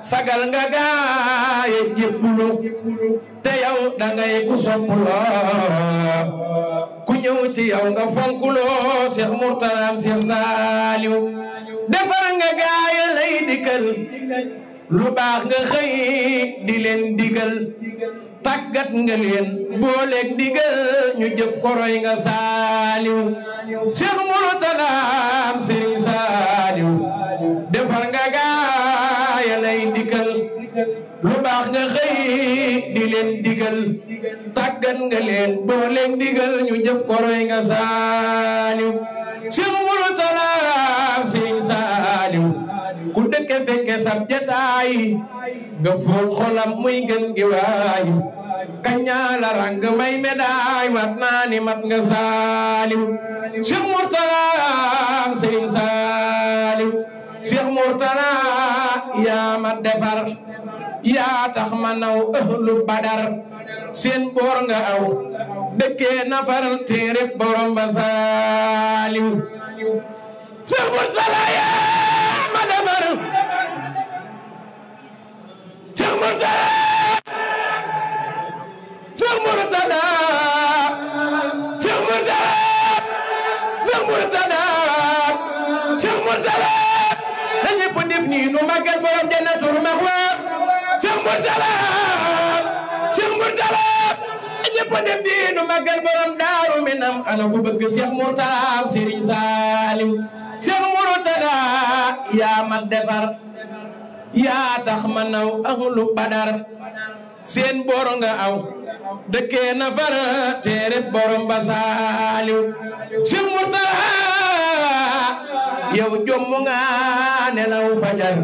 sagal nga gaay jébbulu te yow dangay ku soppuloo ku ñëw ci yow nga fonkuloo Cheikh Mourtalaam Cheikh Saaliw defar nga gaay lay dikkal lu baax nga xëy di leen digal tàggat nga leen booleeg digal ñu jëf koroy nga Saaliw Cheikh Mourtalaam Cheikh lu baax nga xëy di leen digal tàggat nga leen boo leen ñu jëf koroy nga saaliw si mulu talaab saaliw ku dëkke fekke sab jataay nga ful xolam muy gën gi waay kaña la rang may médaay mat naa mat nga saaliw Cheikh Mourtala am saaliw Cheikh Mourtala yaa ma defar yaa tax ma naw ahlu badar seen boor nga aw dëkkee nafar téere borom ba saaliw Seex Murtala yaa ma defar Seex Murtala Seex Murtala Seex Murtala Seex Murtala Seex Murtala na ñëpp def nii nu borom jannatu Murtala Cheikh Murtala ñëpp dem di nu màggal borom daaru minam ana ku bëgg Cheikh Murtala Serigne Salim Cheikh Murtala yaa ma defar yaa tax ma naw ahlu badar seen boro aw dëkkee na far téere borom ba saaliw Cheikh Murtala yow jomm nga nelaw fajar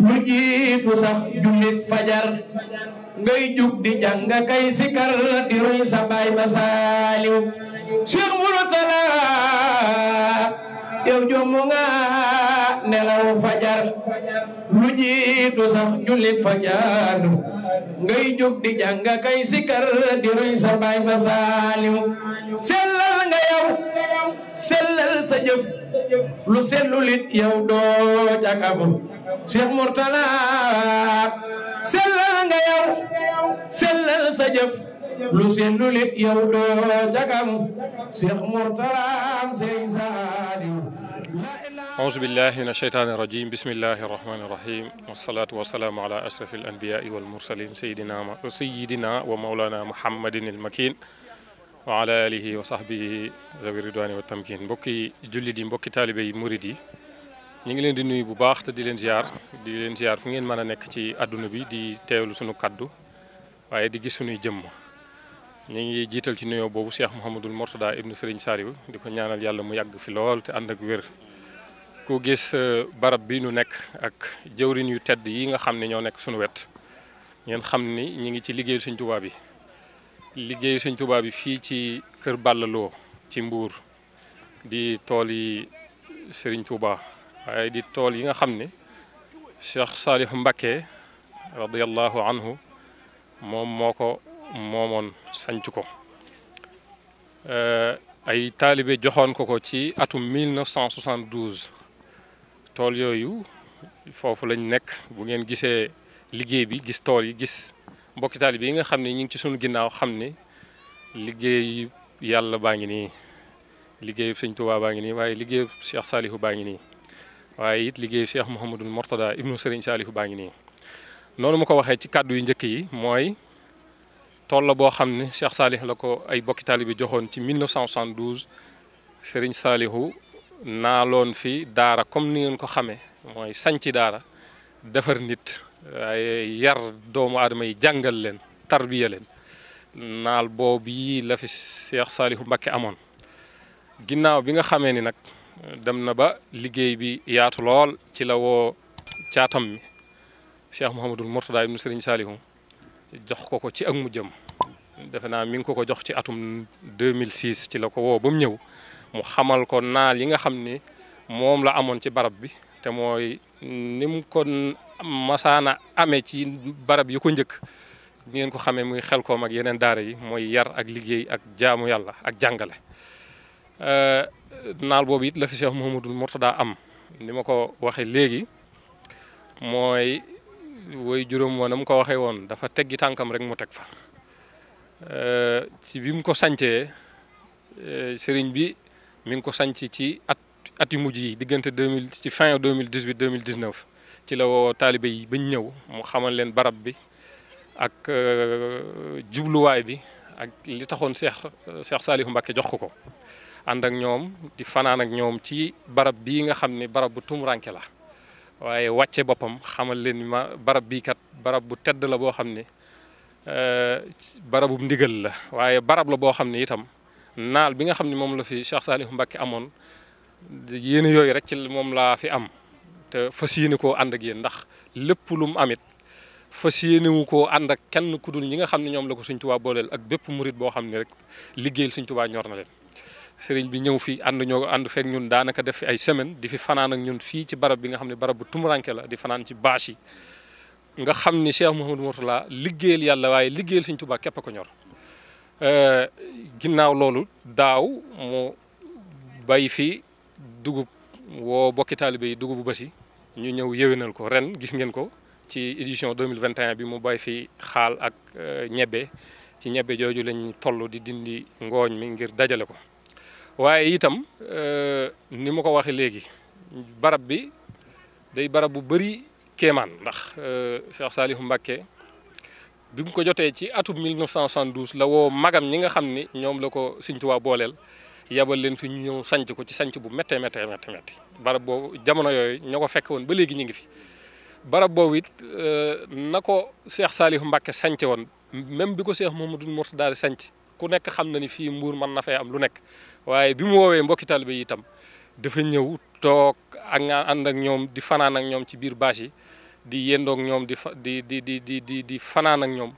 lu jiitu sax jullit fajar ngay jug di jàng kay sikar di roy sa ba saaliw Cheikh Murtala yow jom nga nelaw fajar lu jiitu sax jullit fajar ngay jug di jàng kay sikar di roy sa ba saaliw sellal nga yow sellal sa jëf lu sellulit yow doo ca Cheikh Mourtala sellal nga yow sellal sa jëf lu sellul it yow doo jagam Cheikh Mourtala am sëñ Saaliw أعوذ بالله من الشيطان الرجيم بسم الله الرحمن الرحيم والصلاة والسلام على أشرف الأنبياء والمرسلين سيدنا سيدنا ومولانا محمد المكين وعلى آله وصحبه ذوي الرضوان والتمكين mbokki jullit yi mbokki taalibe yi murid yi ñu ngi leen di nuyu bu baax te di leen ziar di leen ziar fu ngeen mën a nekk ci àdduna bi di teewlu sunu kàddu waaye di gis suñuy jëmm ñu ngi jiital ci nuyoo boobu Cheikh Mouhamadul Mortada ibnu Serigne saariw di ko ñaanal yàlla mu yàgg fi lool te ànd ak wér. ku gis euh, barab bi nu nekk ak jëwrin yu tedd yi nga xam ne ñoo nekk sunu wet ngeen xam ni ñu ngi ci liggéeyu Sëñ Tuubaa bi liggéeyu Sëñ Tuubaa bi fii ci kër Balla ci Mbuur di tool yi sëriñ Touba. waaye di tool yi nga xam ne Cheikh Saliou Mbacké radiyallahu anhu moom moo ko moomoon sanc ko eh, ay taalibe joxoon ko ko ci atum 1972 tool yooyu foofu lañ nekk bu ngeen gisee liggéey bi gis tool yi gis mbokki taalibe yi nga xam ne ñu ngi ci sunu ginnaaw xam ni liggéey yalla baa ngi nii liggéeyu Sëñ Tuubaa baa ngi nii waaye liggéeyu Cheikh Saliou baa ngi nii waaye it liggéey Cheikh Mouhamadul Mortada ibnu Serigne Saalihu baa ngi nii noonu mu ko waxee ci kàddu yu njëkk yi mooy tool la boo xam ne Cheikh Saalih la ko ay bokki taalibe joxoon ci 1972 Serigne Saalihu naaloon fi daara comme ni ngeen ko xamee mooy sañci daara defar nit waaye yar doomu aadama yi jàngal leen tarbiya leen naal boobu yi la fi Cheikh Saalihu Mbacké amoon ginnaaw bi nga xamee ni nag dem na ba liggéey bi yaatu lool ci la woo caatam mi Cheikh Mouhamadul Mourtada ibnu Serigne Salihu jox ko ko ci ak mu jëm defe naa mi ngi ko ko jox ci atum 2006 ci la ko wo ba mu ñëw mu xamal ko naal yi nga xam ni moom la amoon ci barab bi te mooy ni mu ko masaana amee ci barab yi ko njëkk ni ngeen ko xamee muy xel koom ak yeneen daara yi mooy yar ak liggéey ak jaamu yàlla ak jàngale. Euh, naal boobu it la fi Cheikh Mouhamadul Mourtada am ni ma ko waxee léegi mooy woy juróom mu ko waxee woon dafa teggi tànkam rek mu teg fa ci bi mu ko sancee sëriñ bi mi ngi ko sanc ci at at yu mujj yi diggante deux mille ci fin deux mille dix huit deux mille dix neuf ci la woo taalibe yi bañ ñëw mu xamal leen barab bi ak euh, jubluwaay bi ak li taxoon Cheikh Cheikh Saliou Mbacké jox ko ko. ànd ak ñoom di fanaan ak ñoom ci barab bi nga xam ne barab bu tumuranke la waaye wàcce boppam xamal leen ni ma barab bii kat barab bu tedd la boo xam ne eh, barabub ndigal la waaye barab la boo xam ne itam naal bi nga xam ni moom la fi Cheikh Saliou Mbacké amoon yéen yooyu rek ci moom laa fi am te fas yéene koo ànd ak yéen ndax lépp lu mu amit fas yéene wu koo ànd ak kenn ku dul ñi nga xam ne ñoom la ko suñ Tuubaa booleel ak bépp murit boo xam ne rek liggéeyal Sëñ Tuubaa ñor na leen sëriñ bi ñëw fi ànd ñoo ànd feek ñun daanaka def fi ay semaine di fi fanaan ak ñun fii ci barab bi nga xam ne barab bu tumuranke la di fanaan ci bâche nga xam ni Cheikh Mouhamadou Mourtala liggéeyal yàlla waaye liggéeyal Sëriñ Tuubaa képp ko ñor euh, ginnaaw loolu daaw mu bay fi dugub woo bokki taalibe yi dugubu basi ñu ñëw yéwénal ko ren gis ngeen ko ci mille vingt 2021 bi mu bay fi xaal ak euh, ñebbe ci ñebbe jooju lañ toll di dindi ngooñ mi ngir dajale ko waaye itam euh, ni ma ko waxee léegi barab bi day barab bu bëri kéemaan ndax euh, Cheikh Saliou Mbacké bi mu ko jotee ci atum 1972 la woo magam ñi nga xam ni ñoom la ko Sëñ waa booleel yabal leen fi ñu ñëw sanc ko ci sanc bu méttee méttee méttee métti barab boobu jamono yooyu ñoo ko fekk woon ba léegi ñu ngi fi barab boobu it euh, na ko Cheikh Saliou Mbacké sanc woon même bi ko moom Cheikh Mamadou Mourtada sanc ku nekk xam na ni fii mbuur mën na fee am lu nekk waaye bi mu woowee mbokkital bi yi itam dafa ñëw toog ak nga ànd ak ñoom di fanaan ak ñoom ci biir bâche yi di yendoog ñoom di fa di di di di di di fanaan ak ñoom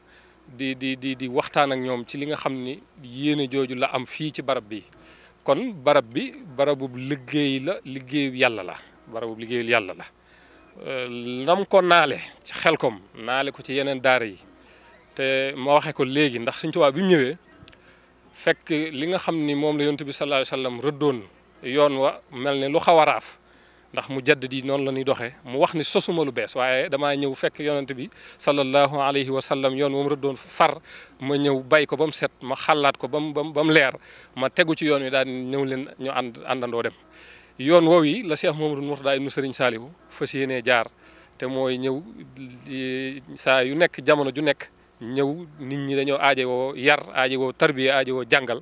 di di di di waxtaan ak ñoom ci li nga xam ni yéene jooju la am fii ci barab bi kon barab bi barabub liggéey la liggéey yàlla la barabub liggéeyu yàlla la euh, nam ko naale ci xelkom naale ko ci yeneen daara yi te ma waxee ko léegi ndax Sëñ Tuubaa bi mu ñëwee fekk li nga xam ni moom la yonent bi sallallahu alayhi wa sallam rëddoon yoon wa mel ne lu xaw a raaf ndax mu jadd di noonu la ñuy doxee mu wax ni sosuma lu bees waaye damaa ñëw fekk yonent bi sallallahu alayhi wa sallam yoon moom rëddoon far ma ñëw bay ko ba mu set ma xallaat ko ba mu ba mu leer ma tegu ci yoon wi daal ñëw leen ñu ànd àndandoo dem yoon woow yi la Cheikh Mamadou Mourtada ibnu Serigne Saliou fas yéenee jaar te mooy ñëw saa yu nekk jamono ju nekk ñëw nit ñi dañoo aajowoo yar aajowoo tarbiya aajowoo jàngal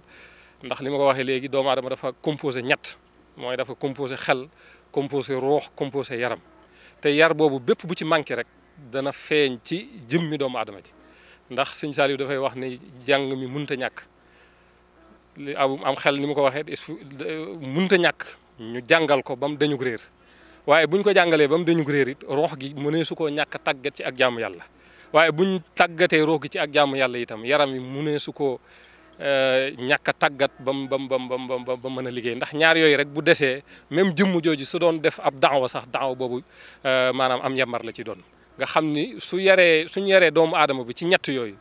ndax li ma ko waxee léegi doomu aadama dafa composé ñett mooy dafa composé xel composé ruux composé yaram te yar boobu bépp bu ci manqué rek dana feeñ ci jëmmi doomu aadama ji ndax sëñ Saliou dafay wax ni jàng mi munta ñàkk li am xel ni ma ko waxee munta ñàkk ñu jàngal ko ba mu dañu réer waaye ñu ko jàngalee ba mu dañu réer it ruux gi mënee su koo ñàkk tàggat ci ak jaamu yàlla waaye ñu tàggatee roogi ci ak jaamu yàlla itam yaram yi mu ne su ko eh, ñàkk a tàggat bam bam bam bam ba mën a liggéey ndax ñaar yooyu rek bu desee même jëmm jooju su doon def ab daawa sax daawa boobu eh, maanaam am yambar la ci doon nga xam ni su yaree suñ yaree doomu aadama bi ci ñett yooyu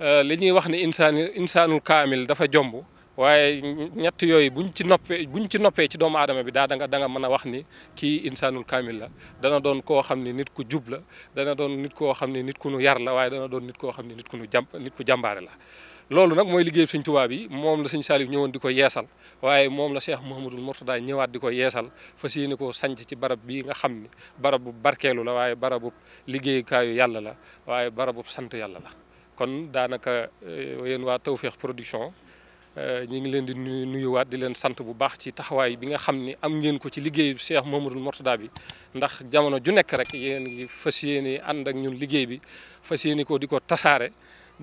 eh, li ñuy wax ne insaani insaanul kaamil dafa jomb waaye ñett yooyu buñ ci noppee buñ ci noppee ci doomu aadama bi daa nga da mën a wax ni kii insaanul kaamil la dana doon koo xam ne nit ku jub la dana doon nit koo xam ne nit ku nu yar la waaye dana doon nit koo xam ne nit ku nu jàmp nit ku jàmbaare la loolu nag mooy liggéey suñ Tuubaa bi moom la Sëñ Saaliw ñëwoon di ko yeesal waaye moom la Cheikh Mouhamadul Mourtada ñëwaat di ko yeesal fas yéene koo sanc ci barab bii nga xam ni barab bu barkeelu la waaye barabu liggéeykaayu yàlla la waaye barabu sant yàlla la kon daanaka eh, yéen waa Tawfekh Production Euh, ñi ngi leen di nuyu nuyuwaat di leen sant bu baax ci taxawaay bi nga xam ni am ngeen ko ci liggéey liggéeyu Cheikh Mamadou Mourtada bi ndax jamono ju nekk rek yéen ngi fas yéene ànd ak ñun liggéey bi fas yéene ko di ko tasaare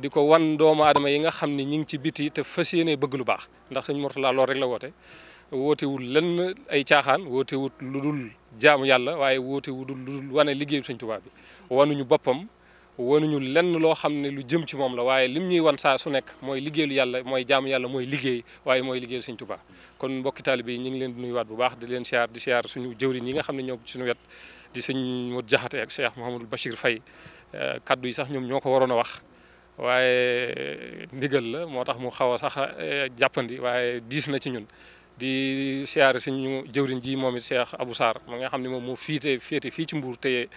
di ko wan doomu aadama yi nga xam ni ñi ngi ci biti te fas yéene bëgg lu baax ndax sëñ Mourtada loolu rek la woote wootewul ay caaxaan wootewut lu dul jaamu yàlla waaye wootewul lu dul wane liggéeyu sëñ Tuubaa bi wanuñu boppam wanuñu lenn loo xam ne lu jëm ci moom la waaye lim ñuy wan saa su nekk mooy liggéeyu yàlla mooy jaamu yàlla mooy liggéey waaye mooy liggéeyal Sëñ Tuubaa kon mbokki taalibe yi ñu ngi leen di nuyuwaat bu baax di leen siyaar di siyaar suñu jëwriñ yi nga xam ne ñoo suñu wet di sëñ Modou Jaxate ak Cheikh Mouhamadul Bachir fay eh, kaddu yi sax ñoom ñoo ko waroon a wax waaye ndigal la moo tax mu xaw a sax eh, jàppandi waaye diis na ci ñun di siyaar suñu jëwriñ ji moom it Cheikh Abou Sarr ma nga xam ne moom moo fiite féete fii ci Mbuur teye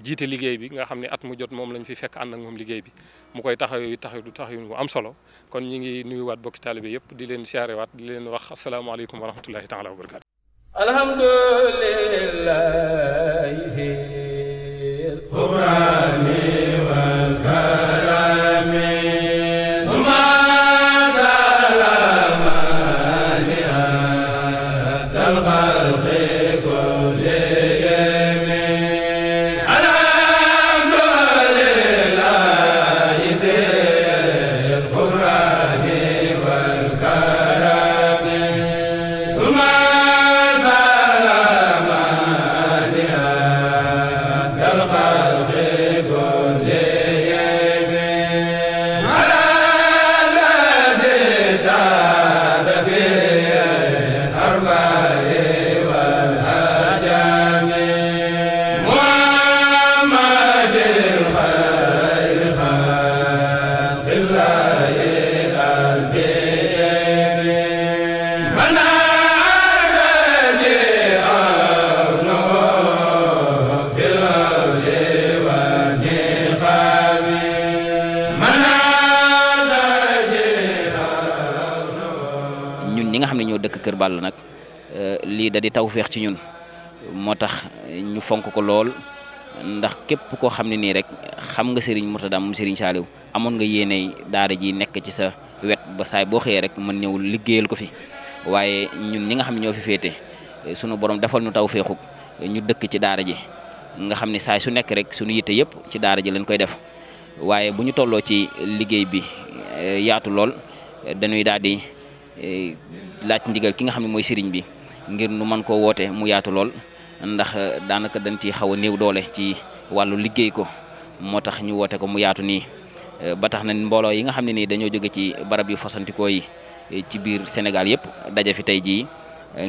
jiite liggéey bi nga xam ne at mu jot moom lañ fi fekk ànd ak moom liggéey bi mu koy taxaw yu taxaw du taxaw bu am solo kon ñi ngi nuyuwaat bokki taalibe yëpp di leen siyaarewaat di leen wax asalaamaaleykum wa rahmatullahi taala wa barakaatu alhamdulillah da taw tawféex ci ñun moo tax ñu fonk ko lool ndax képp koo xam ne nii rek xam nga Serigne Mourtada moom Serigne Saliou amoon nga yéeney daara ji nekk ci sa wet ba saay boo xëyee rek mën ñëw liggéeyal ko fi waaye ñun ñi nga xam ne ñoo fi féete sunu borom defal taw tawféexuk ñu dëkk ci daara ji nga xam ne saay su nekk rek sunu yitte yëpp ci daara ji lañ koy def waaye bu ñu tolloo ci liggéey bi eh, yaatu lool dañuy daal di eh, laaj ndigal ki nga xam ne mooy Serigne bi. ngir nu mën ko woote mu yaatu lool ndax eh, daanaka dañ ci xaw a néew doole ci wàllu liggéey ko moo tax ñu woote ko mu yaatu nii eh, ba tax na mbooloo yi nga xam ne nii dañoo jóge ci barab yu fasantikoo yi eh, ci biir Sénégal yëpp daje fi tey jii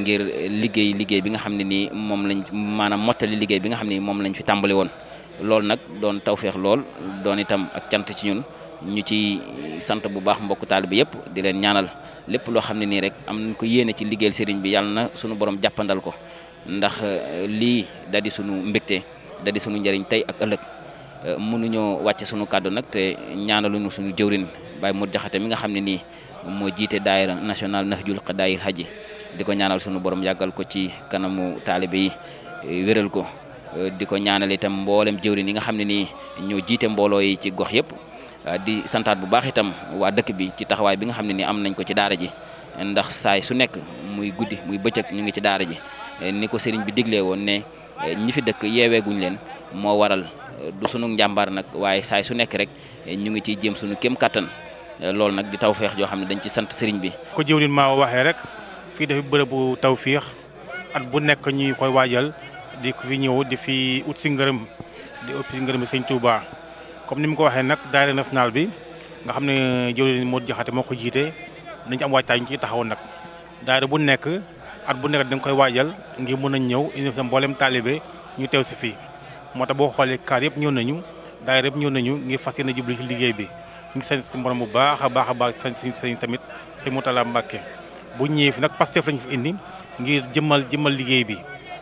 ngir liggéey liggéey bi nga xam ne nii moom lañ maanaam mottali liggéey bi nga xam ne moom lañ fi tàmbali woon loolu nag doon tawféex lool doon itam ak cant ci ñun ñu ci sant bu baax mbokk taalibe yëpp di leen ñaanal lépp loo xam ne nii rek am nañ ko yéene ci liggéeyal sëriñ bi yàlla na sunu borom jàppandal ko ndax euh, lii da di sunu mbégte da di sunu njëriñ tey ak ëllëg euh, mënuñoo wàcce sunu kàddu nag te ñaanaluñu sunu jëwrin Baye mu Diakhaté mi nga xam ne nii moo jiite daayira national Nahjul Qadaa'il Hajji di ko ñaanal sunu borom yàggal ko ci kanamu taalibe yi euh, wéral ko di ko ñaanal itam mboolem jëwrin yi nga xam ne nii ñoo jiite mbooloo yi ci gox yëpp. Euh, di santaat bu baax itam waa dëkk bi ci taxawaay bi nga xam ne ni am nañ ko ci daara ji ndax saay su nekk muy guddi muy bëccëg ñu ngi ci daara ji euh, ni ko sëriñ bi diglee woon ne euh, ñi fi dëkk yeeweeguñ leen moo waral du sunu njàmbaar nag waaye saay su nekk rek ñu ngi ciy jëm sunu kéem kattan loolu nag di tawféex joo xam ne dañ ci sant sëriñ bi. ko jëwriñ maa waxee rek fii dafa bërëbu tawféex at bu nekk ñu koy waajal di ko fi ñëw di fi ut si ngërëm di ut si ngërëm Sëriñ comme ni mu ko waxee nag daayira national bi nga xam ne jëwriñ Modou Diakhaté moo ko jiite nañ ci am waajtaay ñu ci taxaw nag daayira bu nekk at bu nekk da nga koy waajal ngir mën a ñëw indi sa mboolem taalibe ñu teew si fii moo tax boo xoolee kaar yëpp ñëw nañu daayira yëpp ñëw nañu ngir fas yéene jublu ci liggéey bi ñu ngi sant si borom bu baax a baax a baax sañ si sëñ tamit sëñ Moutala Mbacke bu ñëwee fi nag Pastef lañu fi indi ngir jëmmal jëmal liggéey bi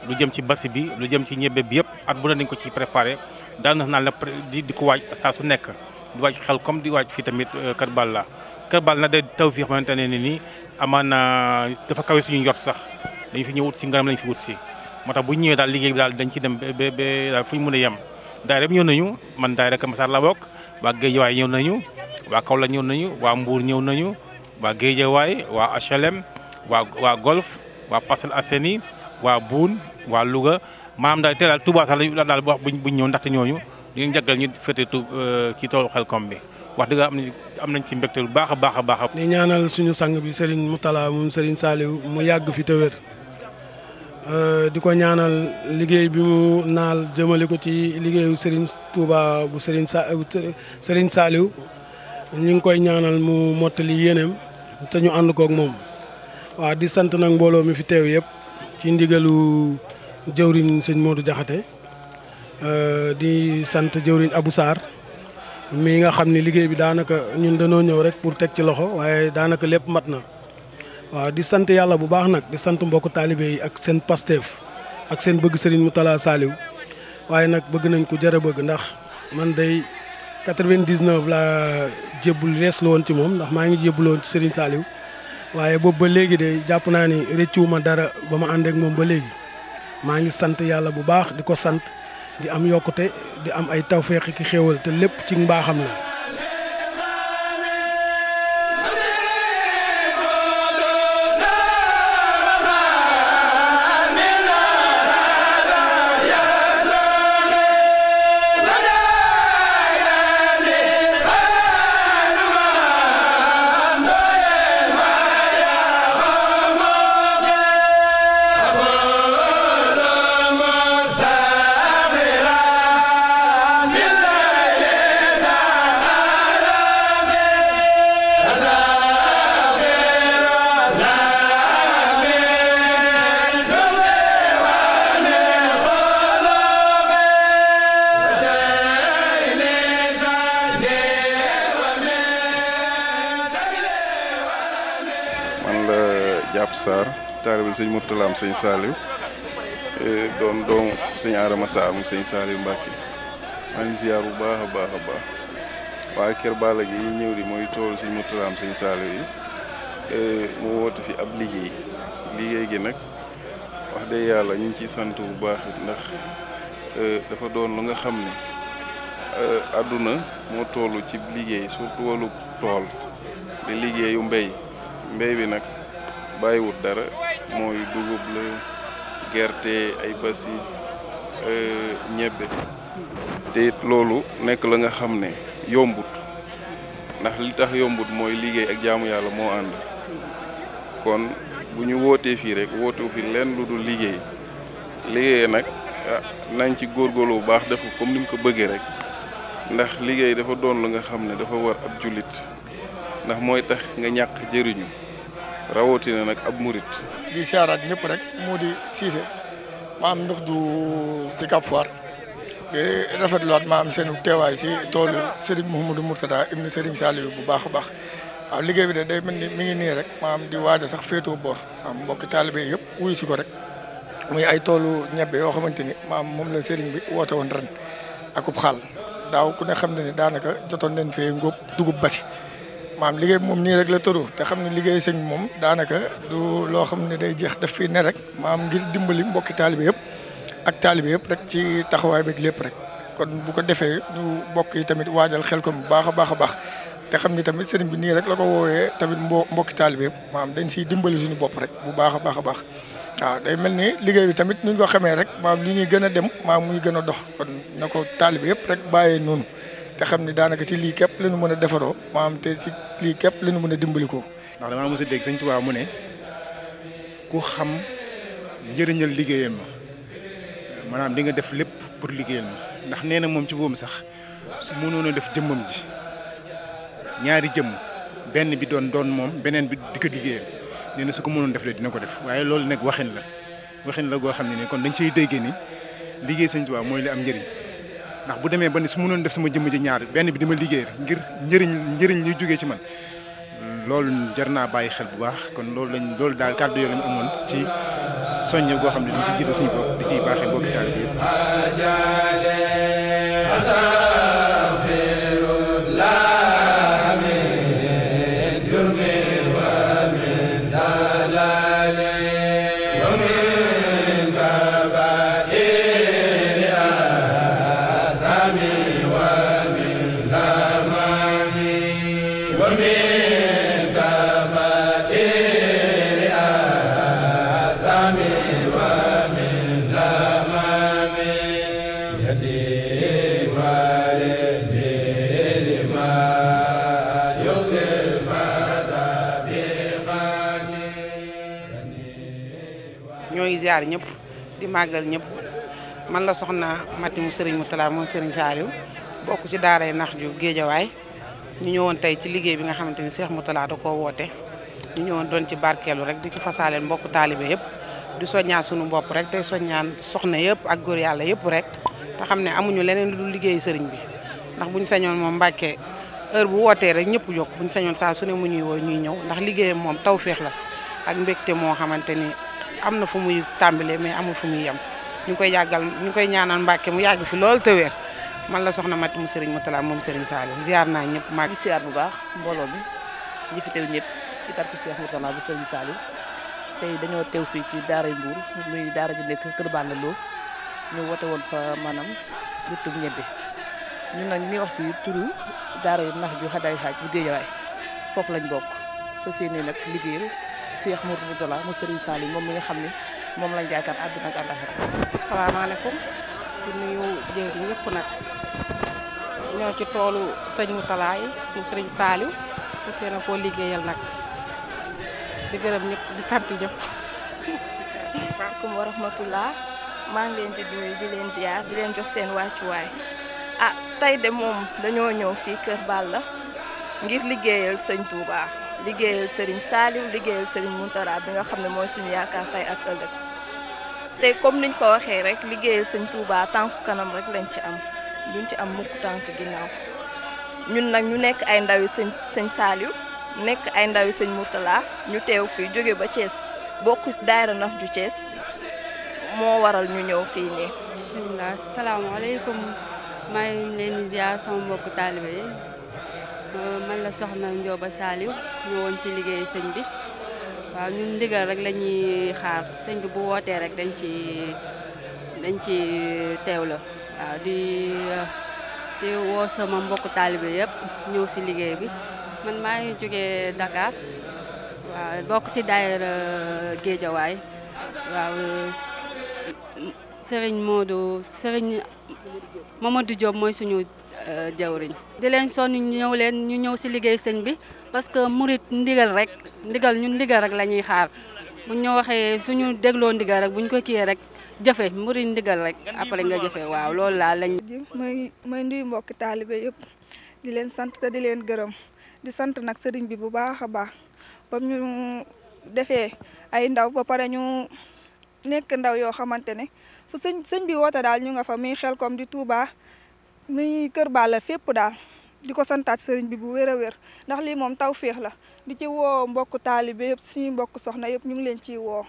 lu jëm ci basi bi lu jëm ci ñebe bi yëpp at bu ne ko ci préparé daan na naan la di di ko waaj saa su nekk di waaj xel comme di waaj fii tamit euh, Kër Balla Kër Balla nag day taw fii xamante ne nii amaana dafa kawe suñu njort sax dañu fi ñëw wut si ngaram lañu fi wut si moo tax bu ñu ñëwee daal liggéey bi daal dañ ci dem ba ba daal fu ñu mun a yem daayira bi ñëw nañu man daayira Kër Massar la bokk waa Géejawaay ñëw nañu waa kaw Kaolack ñëw nañu waa Mbuur ñëw nañu waa Géejawaay waa HLM waa waa Golf waa Parcelles Assainies waa Boune waa Louga maanaam daal te daal Touba sax la daal wax buñ buñ ñëw ndaxte ñooñu ñu jagal ñu féete tu euh, ci toolu Xelkom bi wax dëgg am nañ am nañ ci mbégte bu baax a baax baax. di ñaanal suñu sang bi Serigne Moutala moom Serigne Saliou mu yàgg fi te wér euh, ko ñaanal liggéey bi mu naal jëmale ko ci liggéeyu Serigne Touba bu Serigne Sa Serigne Saliou ñu ngi koy ñaanal mu mottali yéeneem te ñu ànd kook moom. waaw di sant nag mbooloo mi fi teew yëpp ci ndigalu. jëwriñ sëñ Modou Diakhaté euh, di sant jëwriñ Abou Sarr mi nga xam ni liggéey bi daanaka ñun dañoo ñëw rek pour teg ci loxo waaye daanaka lépp mat na waaw di sant yàlla bu baax nag di sant mbokk taalibe yi ak seen Pastef ak seen bëgg mu talaa saaliw waaye nag bëgg nañ ko jërë bëgg ndax man day 99 laa jébbul rees la woon ci moom ndax maa ngi jébbul ci Serigne saaliw waaye boobu ba léegi de jàpp naa ni rëccuwuma dara ba ma ànd moom ba léegi maa ngi sant yàlla bu baax di ko sant di am yokkute di am ay tawféex ki xéewal te lépp ci mbaaxam la kër sëñ Mourtala am sëñ Saliou e, doon doom sëñ Adama Sarr mu sëñ Saliou Mbacke bu baax a baax a baax waaye kër Balla gi ñëw di mooy tool sëñ Mourtala am saali Saliou yi e, mu woote fi ab liggéey liggéey gi nag wax dëgg yàlla ñu ngi ciy sant bu baax ndax e, dafa doon lu nga xam ne àdduna moo toll ci liggéey surtout wàllu tool di liggéeyu mbéy mbéy bi nag bàyyiwut dara mooy dugub la gerte ay basi euh, ñebbe te loolu nekk la nga xam ne yombut ndax li tax yombut mooy liggéey ak jaamu yàlla moo ànd kon bu ñu wootee fii rek wootewu fi leen lu dul liggéey liggéey nag ah, nañ ci góor góorgóorlu bu baax dafa comme ni ko bëggee rek ndax liggéey dafa doon la nga xam ne dafa war ab jullit ndax mooy tax nga ñàkk jëriñu rawatina nag ab murit di siyaaraat ñëpp rek mu di Cissé ma ndox du si Sicap Foire di rafetluwaat ma am seenu teewaay si toolu Serigne Mouhamadou Mourtada ibnu Serigne Saliou bu baax a baax waaw liggéey bi de day mel ni mi ngi nii rek maam di waaj sax féetoo boor am mbokki taalibe yëpp wuyu si ko rek muy ay toolu ñebbe yoo xamante ni maam moom la Serigne bi woote woon ren akub xaal daaw ku ne xam ne ni daanaka jotoon nañ fee ngóob dugub basi maam liggéey bi moom nii rek la tëru te xam ne liggéey sëñ moom daanaka du loo xam ne day jeex daf fii ne rek maam ngir dimbali mbokki taalibe yëpp ak taalibe yëpp rek ci taxawaay beeg lépp rek kon bu ko defee ñu bokk yi tamit waajal xel ko bu baax a baax a baax te xam ni tamit sëriñ bi nii rek la ko woowee tamit mbo mbokki taalibe yëpp maam dañ siy dimbali suñu bopp rek bu baax a baax a baax waaw day mel ni liggéey bi tamit nuñ ko xamee rek maam li ñuy gën a dem maam muy gën a dox kon na ko taalibe yëpp rek bàyyee noonu te xam ne daanaka si lii képp la ñu mën a defaroo maanaam te si lii képp la mën a dimbali ko. ndax damaa mos a dégg sëñ Tuubaa mu ne ku xam njëriñal liggéeyal ma maanaam di nga def lépp pour liggéeyal ma ndax nee na moom ci boobu sax su mënoon def jëmmam ji ñaari jëmm benn bi doon doon moom beneen bi di ko liggéeyal nee su ko mënoon def le dina ko def waaye loolu nekk waxin la waxin la goo xam ne ni kon dañ ciy déggee ni liggéey sëñ Tuubaa mooy li am njëriñ. ndax bu demee ba ni su mënoon def sama jëmm ji ñaar benn bi di ma liggéey ngir njëriñ njëriñ li jógee ci man loolu jar naa bàyyi xel bu baax kon loolu lañ loolu daal kàddu yoo lañ amoon ci soññe goo xam ne dañ ci jiital suñu bopp di ciy baaxee mbokki taalibe yëpp ziar ñëpp di màggal ñëpp man la soxna Mati sëriñ Serigne Moutala moom Serigne Saliou bokk ci daaray nax ju géejawaay ñu ñëwoon tey ci liggéey bi nga xamante ni Cheikh Moutala da koo woote ñu ñëwoon doon ci barkeelu rek di ci fasaaleel mbokku taalibe yëpp di soññaa sunu bopp rek tey soññaan soxna yëpp ak góor yàlla yëpp rek te xam ne amuñu leneen lu dul liggéey sëriñ bi ndax bu ñu sañoon moom Mbàkke heure bu wootee rek ñëpp yokk bu ñu sañoon saa su ne mu ñuy woo ñëw ndax liggéeyam moom tawféex la am na fu muy tàmbalee mais amul fu muy yem ñu koy yàggal ñu koy ñaanal Mbàkke mu yàgg fi loolu te wér man la soxna mat mu Serigne Moutala moom Serigne Saliou ziar naa ñëpp maa ngi ziar baax mbooloo bi ñi fi teew ñëpp ci barke Cheikh bu Serigne Saliou tey dañoo teew fii ci daara Mbour muy daara ji nekk Kër Balla Lo ñu wote woon fa maanaam gëttub ñebbe ñun nag ñu wax ci turu daara yu nax ju xadaay xaaj bu géejawaay foofu lañ bokk fa seen nag liggéeyal Cheikh Mourou Mourtala mu Serigne Saliou moom mu nga xam ne moom lañ jaakaar àdduna ak àllaxira. salaamaaleykum di nuyu jéeg ñëpp nag ñoo ci toolu sëñ Mourtala yi mu Serigne Saliou fas yéene koo liggéeyal nag di gërëm ñëpp di sant ñëpp. waaleykum maa ngi leen di leen ziar di leen jox seen wàccuwaay ah tey de moom dañoo ñëw fii Kër la ngir liggéeyal sëñ Touba. liggéeyal Serigne Saliou liggéeyal Serigne Moutara bi nga xam ne mooy suñu yaakaar tey ak ëllëg te comme niñ ko waxee rek liggéeyal Sëñ Touba tànku kanam rek lañ ci am duñ ci am mukk tànk ginnaaw ñun nag ñu nekk ay ndawi sëñ sëñ Saliou nekk ay ndawi sëñ Moutara ñu teew fii jóge ba Thiès bokk daayira nax ju Thiès moo waral ñu ñëw fii nii. bisimilah salaamaaleykum maa ngi leen di ziar sama mbokku taalibe yi. man la soxna Ndioba Saliou ñëwoon si liggéey sëñ bi waaw ñun ndigal rek lañuy ñuy xaar sëñ bi bu wootee rek dañ ci dañ ci teew la waaw di di woo sama mbokku taalibe yépp ñëw si liggéey bi man maa ngi jógee Dakar waaw bokk si daayira Géejawaay waaw Serigne Modou Serigne Mamadou Diop mooy suñu Euh, jawriñ di leen sonn ñu ñëw leen ñu ñëw si liggéey sëñ bi parce que murit ndigal rek ndigal ñun ndigal rek la ñuy xaar bu ñu waxee suñu dégloo ndigal rek bu ñu ko kiyee rek jëfe murit ndigal rek après nga jëfe waaw loolu laa lañ may may nuyu mbokki taalibe yëpp di leen sant te di leen gërëm di sant nag sëriñ bi bu baax a baax ba ñu defee ay ndaw ba pare ñu nekk ndaw yoo xamante ne fu sëñ sëñ bi woote daal ñu nga fa muy xel kom di Touba muy Kër bala fépp daal di ko santaat sëriñ bi bu wér a wér ndax moom taw féex la di ci woo mbokk taalibe yëpp suñuy mbokk soxna yëpp ñu ngi leen ciy woo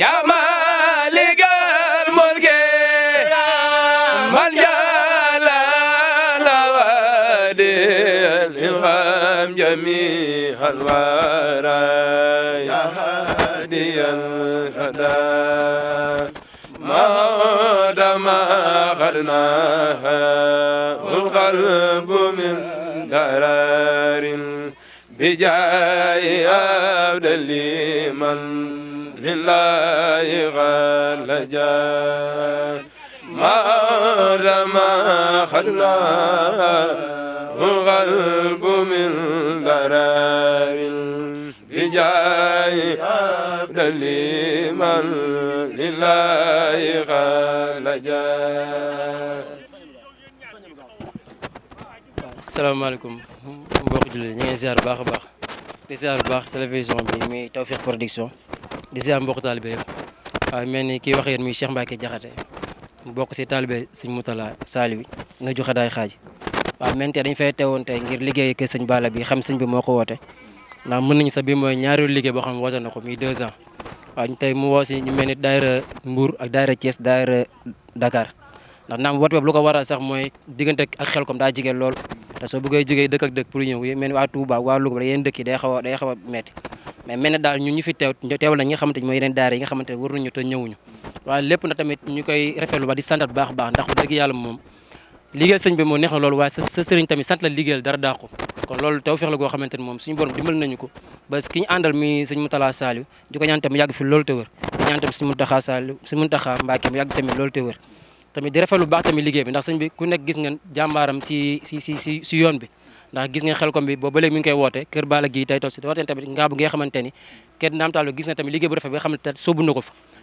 yaa maalikal mulki man jala ilham jami alwara ya hadiyan hada أخذناها والقلب من قرار بجاي عبد لمن لله قال جاء ما ما أخذناها والقلب من ضرار جاي عبد لمن لله قال جاي salaamaaleykum mbokk jullit ñu ngi ziar baax a baax di ziar bu baax télévision bi muy Tawfekh Production di ziar mbokk taalibe yëpp waaw mel ni kii wax yéen muy Cheikh Mbacke Diakhaté mbokk si taalibe sëñ Moutala Saliwi nga joxe daay xaaj waaw mel tey dañ fay teewoon tey ngir liggéey kër sëñ Balla bi xam sëñ bi moo ko woote ndax mën nañ sa bi mooy ñaareelu liggéey boo xam ne woote na ko muy deux ans waaw tey mu woo si ñu mel ni daayira lu ko waral sax mooy diggante ak xel kom daa jigee lool te soo bëggee jógee dëkk ak dëkk pour ñëw mel ni waa Touba waa a a metti mais daal ñun ñu fi teew teewal na ñi nga xamante mooy yeneen daara yi nga xamante war nañu te ñëwuñu waaye lépp na tamit ñu koy rafetlu baax baax ndax dëgg yàlla moom liggéey sëñ bi moo neex loolu waaye sa sëriñ tamit sant la liggéeyal dara daa ko kon loolu tawfeex la goo xamante ne moom suñu borom dimbal nañu ko ba ki ñu àndal mi sëñ Moutala Saliou di ko ñaan tam yàgg fi te wër tamit di rafet lu baax tamit liggéey bi ndax sëñ bi ku nekk gis ngeen jàmbaaram si si si si si yoon bi ndax gis ngeen xel kom bi boobu ba léegi ngi koy woote kër Balla gi tey toog si wooteen ngaa bu nga xamante ni kenn naam taal gis nga tamit liggéey bu rafet bi nga ne soobu na fa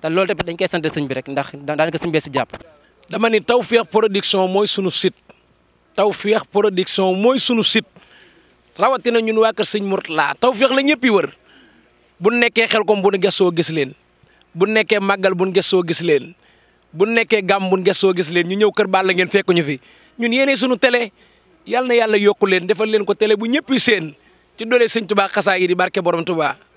te loolu tamit dañ koy sant sëñ bi rek ndax daanaka sëñ bee si jàpp. dama ni Tawfekh Production mooy sunu site Tawfekh Production mooy sunu site rawatina ñun waa kër sëñ taw Tawfekh la ñëpp yi wër bu nekkee xel ko bu nu gëstoo gis leen bu nekkee màggal bu nu gëstoo gis leen bu nekkee gàmm bu nu gis leen ñu ñëw kër Balla ngeen fekk ñu fi ñun yenee sunu télé yàlla na yàlla yokku leen defal leen ko télé bu ñëpp yi seen ci doole sëñ Touba xasaa yi di barke borom Touba.